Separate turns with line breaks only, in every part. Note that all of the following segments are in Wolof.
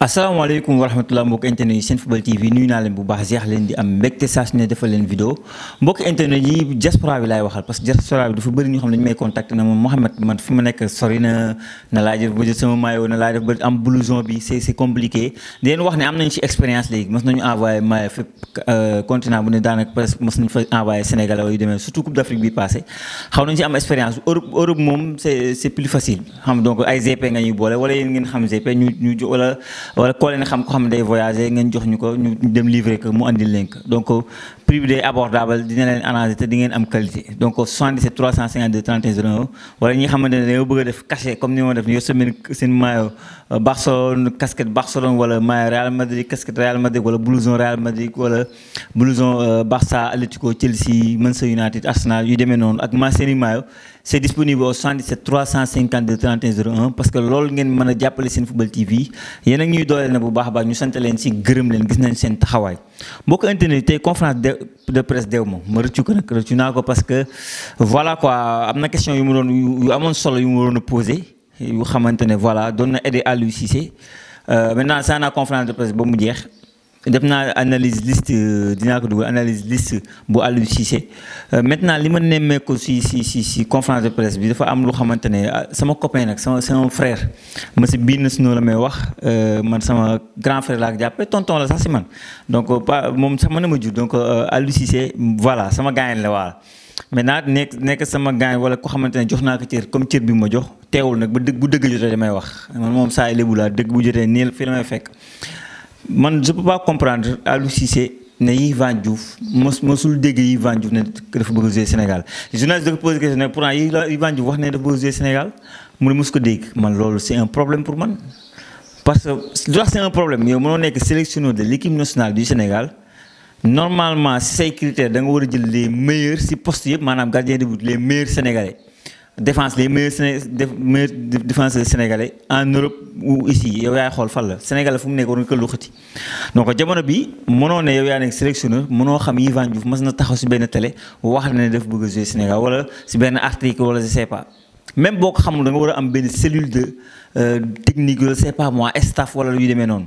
asalaamaaleykum wa rahmatulah mbokk internet yi Senfootball TV nuyu naa leen bu baax jeex leen di am mbégte saa su ne defal leen vidéo mbokk internet yi diaspora bi laay waxal parce que diaspora bi dafa bëri ñoo xam ne may contacté na moom man fi ma nekk sori na na laa def ba jël sama maillot na laa def ba am blouson bi c'est c'est compliqué di wax ne am nañ ci expérience léegi mos nañu envoyé maillot fépp continent bu ne daanaka presque mos nañu fa envoyé Sénégal yu demee surtout Coupe d'Afrique bi passé xaw nañ ci am expérience Europe Europe moom c'est c'est plus facile xam donc ay GP nga ñuy boole wala yéen ngeen xam GP ñu ñu wala wala koo leen xam ko xam ne day voyager ngeen jox ñu ko ñu dem livrer ko mu andil leen ko donc prix des abordables, abordable dina leen arrangé té di ngén am qualité donc 77 352 31 01 wala ñi nga xamante bëgg def cachet comme ni mo def yow semaine sen maillot euh, Barcelone casquette Barcelone wala maillot Real Madrid casquette Real Madrid wala blouson Real Madrid wala blouson euh, Barça Atletico Chelsea Manchester United Arsenal yu démé non ak maa seeni maillot disponible au 77 352 31 parce que loolu ngén mëna jappalé sen Football TV yéen a ñuy dooleel na bu baax a baax ñu sant leen ci gërëm leen gis nañ sen taxaway mbokk internet tey conférence de de presse d'Eumo. ma ma rëccu ko nag rëccu parce que voilà quoi am na question yu mu doon yu amoon solo yu mu doon a posé yu xamante voilà doon na aider Aliou euh, maintenant c'est naa conférence de presse ba mu jeex def analyse liste euh, dinaa analyse liste bu Aliou Cissé euh, maintenant li ma nemmeeku ci ci si si conférence de presse bi dafa am lu xamante ah, sama copain nak sama c'est sama frère ma si biir na la may wax euh, man sama grand frère lak jappé tonton la sax ci man donc mom sama sax mën ma jur donc Aliou Cissé voilà sama gagne la waa maintenant nek nek sama gagne wala ko xamante ne jox naa ko cër comme cër bi ma jox téwul nak bu deug bu deug jotee damay wax man moom saa yi lébu laa bu jotté ni fi la may fekk. Je je peux pas comprendre à c'est Yvan Diouf mos mosul Yvan Diouf qui a bëgg Sénégal Je posé question ne pourtant Yvan Diouf wax ne dafa bëgg jouer Sénégal mu ne mos ko dégg man un problème pour moi. parce que lu c'est un problème mais on est sélectionneur de l'équipe nationale du Sénégal normalement ces critères da nga les meilleurs si possible, yëpp gardien de but les meilleurs sénégalais. défense les meilleurs Séné meilleurs défenseurs sénégalais en Europe u ici yow yaay xool fan la Sénégal fu mu nekk war nga ko luxati donc jamono bi mënoo ne yow yaa nekk sélectionneur mënoo xam Yvan Diouf mas na taxaw si benn télé wax na ne daf bëgg a jouer Sénégal wala si benn article wala je sais pas même boo ko xamul da nga war a am benn cellule de euh, technique je sais pas moi staff wala yu demee noonu.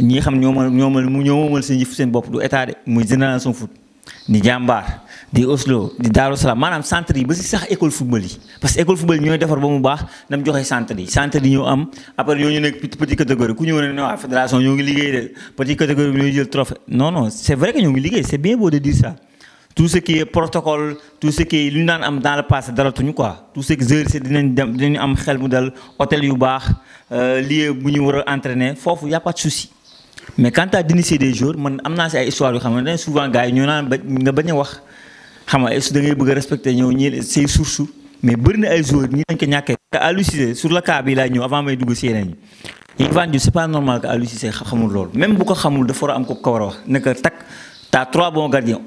ni you xam ñoomal ñoomal ñoomal seen yëf seen bopp du état de génération foot di jambar di Oslo centre yi sax école football parce que école football ba mu baax nam centre centre yi am après catégorie ku fédération liggéey catégorie non non c'est vrai que liggéey bien beau de dire ça tout ce qui est protocole tout ce qui est lu dans le passé quoi tout ce qui est dem am xel mu dal hôtel yu baax euh, lieu ñu y' a pas de souci mais quant à d'initier des jours man am naa si ay histoire yoo a wax xam nga da ngay ñëw ñii say mais bëri na ay joueurs ñi dañ ko ñàkkee. te Aliou Cissé sur xamul loolu même bu ko xamul dafa war a am ko ko war a wax ne que takk t'as trois bons gardiens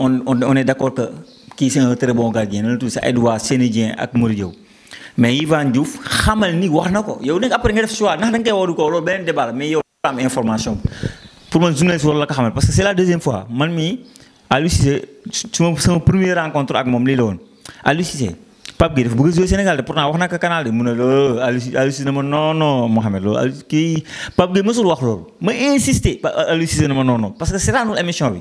na xamal ni wax na ko yow nag après nga def choix ndax da nga koy woo ko loolu beneen débat mais yow am information pour moi journaliste war la ko xamal parce que c'est la deuxième fois man mii Aliou Cissé suma sama première rencontre ak moom lii la woon Aliou Cissé Pape Gueye dafa Sénégal de pourtant wax na Canal de mu ne loolu Aliou non non Mohamed loolu Aliou kii Pape Gueye mësul wax loolu mais insister Aliou Cissé non non parce que c'est seetaanul émission oui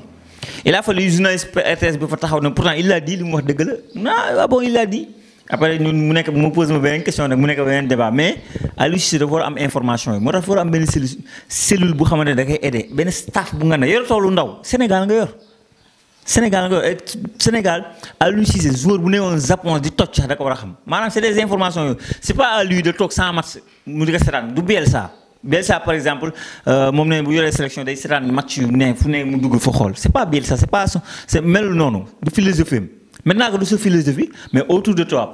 et là a fallu journaliste RTS bi fa taxaw ne pourtant il a dit li mu wax dëgg la ah bon il a dit après ñun mu nekk mu pose ma beneen question nag mu nekk beneen débat mais Aliou Cissé dafa am information moi moo tax am cellule cellule bu xamante ne da koy ben staff bu nga ne yor toolu ndaw Sénégal nga yor Sénégal nga yor Sénégal Aliou Cissé joueur bu newoon Japon di toj on da ko war a xam maanaam c' des informations c'est pas à lui de toog sans match mu di ko seetaan ça Bielsa ça par exemple euh, mon ne bu la sélection day seetaan match yu ne fu ne mu dugg fa xool c'est pas Bielsa ça c'est pas c'est c' non mel noonu du philosophe maintenant que du sa philosophie mais autour de toi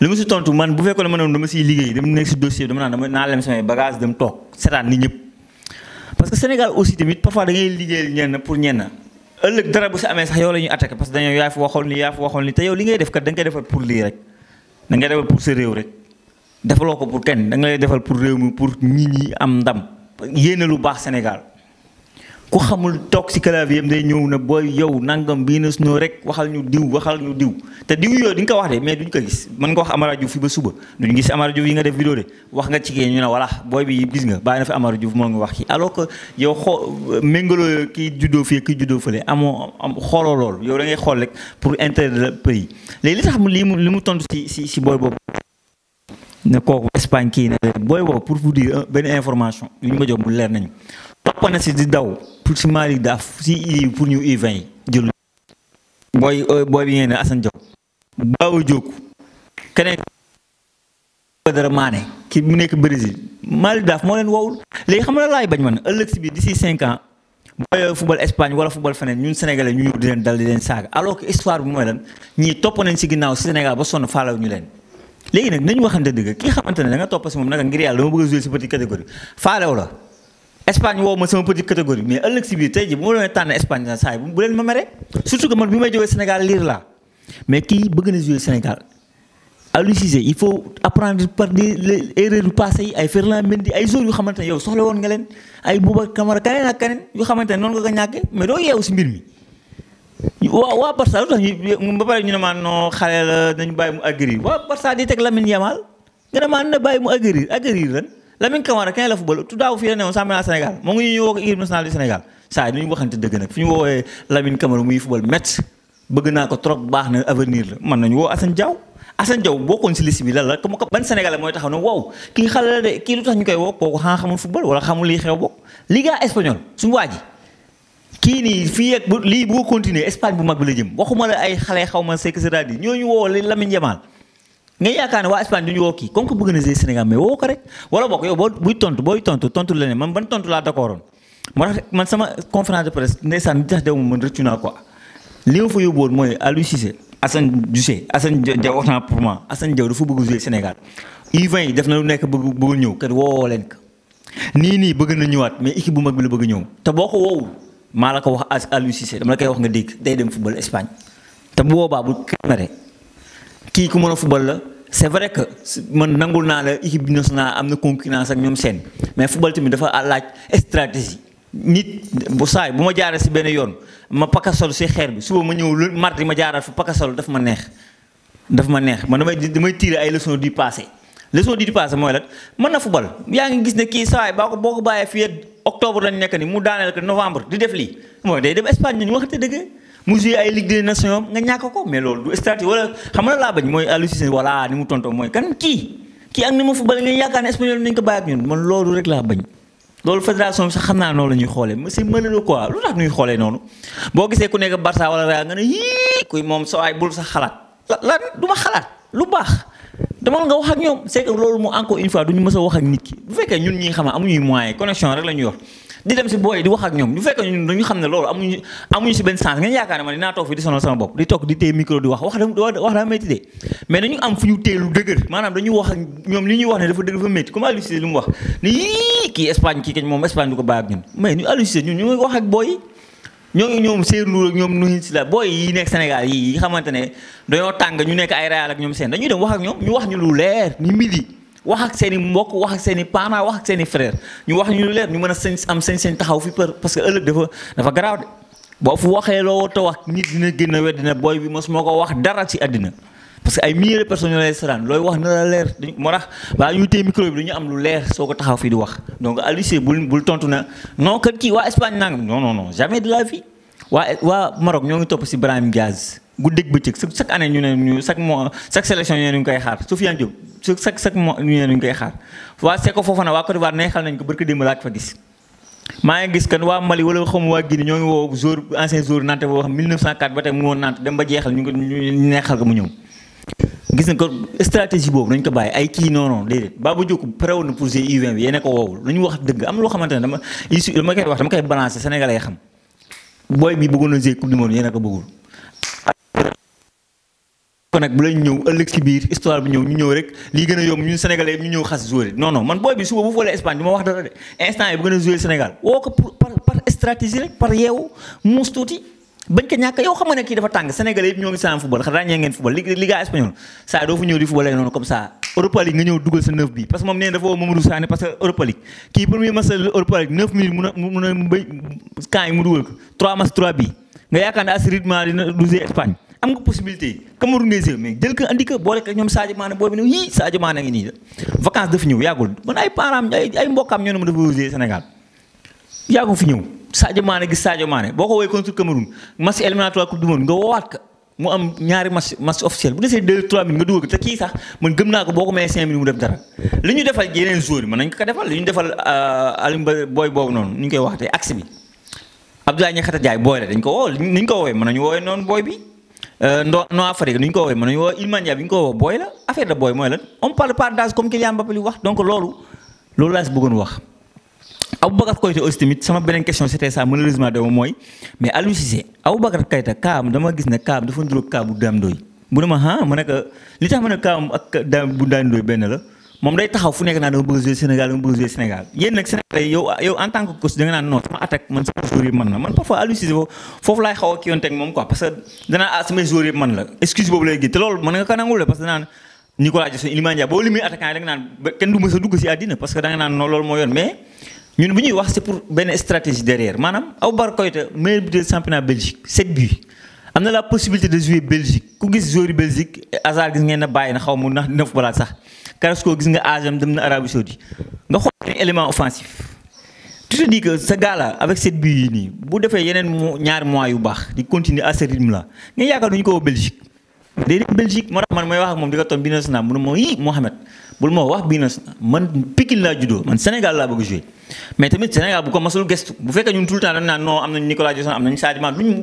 li ma si tontu man bu fekkoon ne ma ne dama siy liggéey dama nekk si dossier dama dama naa lem samay bagage dem toog seetaan ni ñëpp parce que Sénégal aussi tamit parfois da ngay liggéeyal ñenn pour ñenn ëllëg dara bu si amee sax yow la ñuy attaqué parce que dañoo yaa fi waxoon li yaa fi waxoon li te yow li ngay def kat da nga koy defal pour lii rek da defal pour sa réew rek defaloo ko pour kenn da nga lay defal pour réew mi pour ñi ñi am ndam yéene lu baax Sénégal ku xamul toog si clavier am day ñëw na booy yow nangam bii na sunoo rek waxal ñu diw waxal ñu diw te diw yooyu di nga ko wax de mais duñ ko gis mën nga wax Amara Diouf fi ba suba duñ gis Amara Diouf yi nga def vidéo de wax nga ci kii ñu ne voilà booy bi gis nga bàyyi na fi Amara Diouf moo ngi wax kii alors que yow xoo méngaloo kii juddoo fii kii juddoo fële amoo am xooloo lool yow da xool rek pour intérêt de pays léegi li tax mu li mu li si si si booy boobu. ne kooku Espagne kii ne booy boobu pour vous dire information yu ñu ma jox leer nañu topp na si di daw. pour si Malick Daaf si il pour ñu U20 yi jël booy euh, booy bi ngeen ne Assane Diop Baaw Diop keneen Badara Mané ki mu nekk Brésil Malick Daaf moo leen wowul léegi xam nga laay bañ man ëllëg si biir d'ici cinq ans booy euh, football Espagne wala football feneen ñun Sénégalais ñu ñëw di leen dal di leen saaga alors que histoire bi mooy lan ñii topp nañ si ginnaaw si Sénégal ba sonn faalaw ñu leen léegi nag nañu waxante dëgg ki nga xamante ne da nga topp si moom naka ngir yàlla dama Espagne woo ma sama petite catégorie mais ëllëg si biir tey ji bu ma doon tànn Espagne na saa yi bu leen ma mere surtout que man bi may jógee Sénégal liir laa mais kii bëgg na jouer par des erreurs yu passé yi soxla woon nga leen ay Boubacar Kamara kaneen ak kaneen yu xamante ne noonu ko ñàkkee mais doo yeewu si mbir mi waa waa Barça lu tax ba pare ñu ne maa non xale la nañu bàyyi mu aguerrir waa Barça di teg Lamine Yamal nga ne maa na bàyyi mu aguerrir Lamine Camara kañ la football tout daaw fii la newoon championnat Sénégal moo ngi ñuy woo ko équipe nationale du Sénégal saa yi nu ñu waxante dëgg nag fi ñu woowee Lamine Camara muy football métti baax na avenir la mën nañu woo Assane Diaw Assane Diaw bokkoon si liste la comme ban Sénégalais mooy taxaw ne wow kii xale la koy woo kooku xanaa xamul football wala kii nii fii ak lii bu ko continuer bu mag bi la jëm ay xale xaw ma sekk si raad yi ñooñu woo Lamine Yamal nga yaakaar ne waa Espagne du ñu woo kii comme que bëgg na jouer Sénégal mais woo ko rek wala bokk yow boo buy tontu booy tontu tontu la ne man ban tontu laa d'accordoon moo tax man sama conférence de presse ndeysaan li tax dewuma man rëccu naa quoi li ma fa yóbbuwoon mooy Aliou Cissé Assane Assane Diaw wax naa pour moi Assane Diaw dafa bëgg jouer Sénégal U20 def na lu nekk bëgg bëggul ñëw kat woowoo leen ko nii nii bëgg na ñëwaat mais équipe bu mag bi la bëgg ñëw te boo ko woowul maa la ko wax Aliou Cissé dama la koy wax nga dégg day dem football Espagne te bu boobaa bu kii ku mën a football la c' est vrai que man nangul naa la équipe bi nationale am na concurrence ak ñoom seen mais football tamit dafa laaj stratégie nit bu saay bu ma jaaral si benn yoon ma pakasol si xeer bi suba ma ñëw lu mardi ma jaaral fa pakasol dafa ma neex dafa ma neex man damay damay tirer ay leçons du passé leçon du passé mooy lan mën na football yaa ngi gis ne kii saay baa ko boo ko bàyyee fii octobre lañ nekk ni mu daaneel ko novembre di def lii mooy day dem Espagne ñu waxate dëgg mu joué ay Ligue des Nations nga ñàkk ko mais loolu du stratégie wala xam nga laa bañ mooy Aliou Cissé voilà ni mu tontoo mooy kan kii kii ak ni mu football nga yaakaar ne espagnol nañ ko bàyyi ak ñun man loolu rek laa bañ. loolu fédération bi xam naa noonu la ñuy xoolee c'est malheureux quoi lu tax ñuy xoolee noonu boo gisee ku nekk Barça wala Real nga ne yii kuy moom sa ay bul sa xalaat la du ma xalaat lu baax. demal nga wax ak ñoom c'est que loolu mu encore une fois du ñu mës a wax ak nit ki bu fekkee ñun ñi nga amuñuy moyen connexion rek la yor di dem si booy di wax ak ñoom bu fekkee ñun dañu xam ne loolu amuñu si benn sens ngeen yaakaar ne man dinaa toog fi di sonal sama bopp di toog di téye micro di wax wax daa métti de mais dañu am fu ñu téye lu dëgër maanaam dañu wax ak ñoom li ñuy wax ne dafa dëgër dafa métti comme Aliou Cissé li mu wax ne kii Espagne ñooñu ñoom Seydou Ndour ak ñoom si Sylla booy yi nekk Sénégal yi xamante ne dañoo tàng ñu nekk ay Real ak ñoom seen dañuy dem wax ak ñoom ñu wax ñu lu leer ñu midi wax ak seen i mbokk wax ak seen i wax ak seen ñu wax ñu lu leer ñu mën a sañ am sañ-sañ taxaw fi parce que ëllëg dafa dafa garaaw de boo fu waxee loo te wax nit dina génn weddina booy bi mos moo ko wax dara ci àddina parce que ay milliers de personnes ñoo lay saraan looy wax na la leer dañ moo tax balaa ñuy téye micro bi dañu am lu leer soo ko taxaw fii di wax donc Aliou Cissé bul bul tontu na non kat kii waa Espagne nangam non non non jamais de la vie waa waa Maroc ñoo ngi topp si Brahim Diaz guddeeg bëccëg chaque chaque année ñu ne ñu chaque mois chaque sélection ñu ne ñu koy xaar Sofiane Diop chaque chaque mois ñu ne ñu koy xaar waa Seko Fofana waa Côte d'Ivoire neexal nañ ko barki démb laa fa gis. maa ngi gis kan waa Mali wala xam waa Guinée ñoo ngi woo jour ancien jour Nantes boo xam 1904 ba tey mu woon Nantes dem ba jeexal ñu ngi neexal ko mu ñëw gis na ko stratégie boobu nañ ko bàyyi ay kii non non déedéet Babou Diouf pare woon na pour jouer u bi yéen ko woowul lu wax dëgg am loo xamante ne dama isu dama koy wax dama koy balancer Sénégalais na jouer coupe du monde yéen nag bu lañ ñëw ëllëg ci biir histoire bi ñëw ñu ñëw rek lii gën a yomb ñun sénégalais ñu ñëw xas joué non man booy bi suba bu foolee Espagne du ma wax dara de instant yi bu gën a joué Sénégal woo ko par par stratégie rek par yeewu muus tuuti. bañ ko ñàkk yow xam nga ne kii dafa tàng sénégalais yëpp ñoo ngi saan football xa ràññee ngeen football liga espagnol saa doo fa ñëw di football ak noonu comme ça Europa League nga ñëw dugal sa neuf bi parce que moom nee dafa woo Mamadou Sané parce que Europa a mun a bay camp yi mu dugal ne assi rythme dina ñoom Sadio Mané boobu ne yii Sadio Mané ngi nii la vacances dafa ñëw yàggul man ay parents ay ay ñoo ne ma dafa Sénégal yàggul fi ñëw Sadio Mané gis Sadio Mané boo ko woowee contre Cameroun match éliminatoire coupe du nga woowaat ko mu am ñaari match officiel bu desee deux trois nga dugal ko te kii sax man gëm naa ko boo ko mayee cinq minutes mu def dara li ñu defal yeneen joueurs yi mën nañ ko defal li ñu defal euh, Alioune booy boobu noonu ñu koy waxatee axe bi Abdoulaye Niakhate Diaye booy la dañ ko woo ni ko woowee mën nañu woowee noonu booy bi Ndo non Afrique ni ñu ko woowee mën nañu woowee euh, Iliman Ndiaye bi ñu ko woowee booy la affaire de booy mooy lan on parle pas d'âge comme Kylian Mbappé li wax laa si wax Aboubacar Koyta aussi tamit sama beneen question c'était ça malheureusement dama mooy mais Aliou Cissé Aboubacar Koyta kaam dama gis ne kaam dafa nduróog kaa bu Dame Ndoye bu ne ma ah ma ne li tax ma ne kaam ak Dame bu Dame Ndoye benn la moom day taxaw fu nekk naa dama bëgg Sénégal dama bëgg Sénégal yéen nag yow en tant que coach da naan non sama attaque man sama joueur yi man la man parfois Aliou foofu laay xaw a kii woon teg moom ko parce que ah, ñun bu ñuy wax c'est pour benn stratégie derrière maanaam Aboubacar Koïta meilleur buteur championnat Belgique 7 buts am na la possibilité de jouer Belgique ku gis joueur Belgique hasard gis ngeen ne bàyyi na xaw ma ndax dina football sax Carrasco gis nga agam dem na Arabie Saoudite nga xool benn élément offensif. tu te dis que ce gars là avec 7 buts yi nii bu defee yeneen ñaari mois yu baax di continuer à ce rythme là nga yaakaar duñu ko Belgique. day dem Belgique moo tax man mooy wax ak moom di ko toon bii na naa mu ne moo yii bul ma wax bii na man Pikine laa juddoo man Sénégal laa bëgg jouer mais tamit Sénégal bu ko masul gestu bu fekkee ñun tout le temps dañ naan non am Nicolas Jackson am nañu Sadio Mané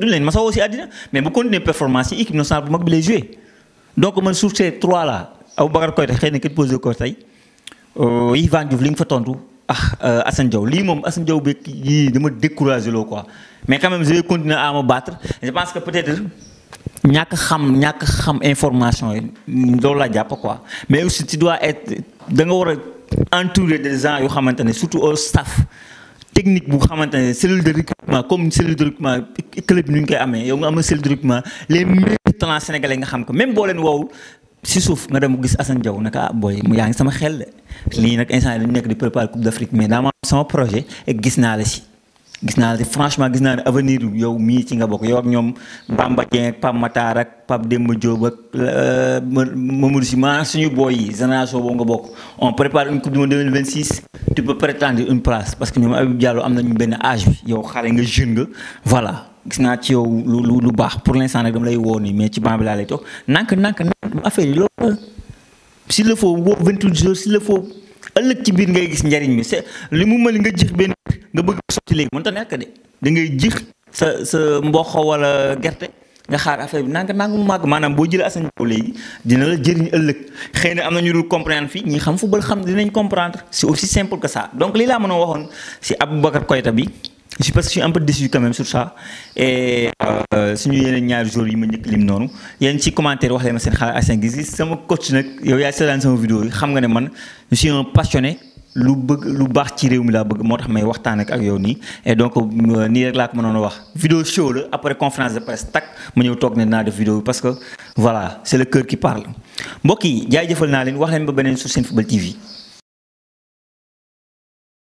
àddina mais bu continuer performance yi équipe nationale bu mag bi lay jouer donc man sur ces trois là Aboubacar Koité xëy na kat posé ko tey euh, Yvan Diouf li nga fa tontu ah euh, a Diaw lii moom Assane Diaw beeg yii dama découragé loo quoi mais quand même je vais ñàkk xam ñàkk xam information yi loolu laa jàpp quoi mais aussi tu dois être da nga wara a entouré des gens yoo xamante surtout au staff technique bu xamante cellule de recrutement comme cellule de recrutement club bi nu ñu koy amee yow nga am cellule de recrutement les meilleurs talents sénégalais nga xam ko même bo len wawul si souf nga dem gis Assane Diaw naka ah booy mu yaa ngi sama xel li nak instant yii nek di préparer Coupe d'Afrique mais dama sama projet gis na la si. gis naa ne franchement gis naa ne avenir yow mii ci nga bokk yow ak ñoom Bamba Dieng ak ak Pape Demba Diop ak euh, Mamadou Sy suñu booy yi génération boobu nga bokk on prépare une coupe du monde 2026 tu peux prétendre une place parce que ñoom Habib Diallo am nañu benn âge bi yow xale nga jeune voilà gis naa ci yow lu lu baax pour l'instant nag dama lay woo nii mais ci banc bi laa lay toog nank nank nank affaire yi loolu s'il le faut woo 28 jours nga bëgg sotti léegi mënut a nekk de da ngay jix sa sa mboq wala gerte nga xaar affaire bi nanga nanga mu màgg maanaam boo jëlee Assane Diao léegi dina la jëriñ ëllëg xëy na am na ñu dul comprendre fii ñi xam football xam dinañ comprendre c'est aussi simple donc lii laa mën a waxoon si Aboubacar Koïta bi je pense que je suis un peu déçu quand même sur euh, yeneen ñaari jours yi ma njëkk lim noonu yéen ci commentaire wax leen ma seen xalaat ak seen gis-gis sama coach nag yow yaa seetaan sama vidéo yi xam nga ne man je suis un lu bëgg lu baax ci réew mi laa bëgg moo tax may waxtaan ak yow nii et donc nii rek laa ko mënoon wax vidéo show la après conférence de presse tac ma ñëw toog ne naa def vidéo parce que voilà c' est le cœur qui parle mbokk yi jaajëfal naa leen wax leen ba beneen sur seen football TV.